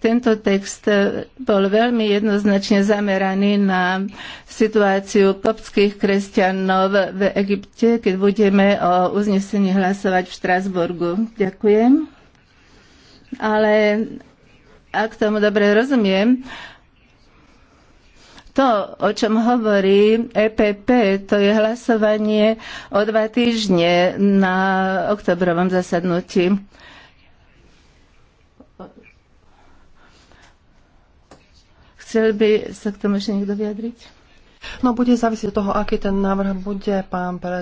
Tento text e, bol veľmi jednoznačne zameraný na situáciu kopských kresťanov v Egypte, keď budeme o uznesení hlasovať v Štrasburgu. Ďakujem. Ale ak tomu dobre rozumiem, to, o čom hovorí EPP, to je hlasovanie o dva týždne na oktobrovom zasadnutí. Chcel by sa k tomu ešte niekto vyjadriť? No bude závisieť od toho, aký ten návrh bude, pán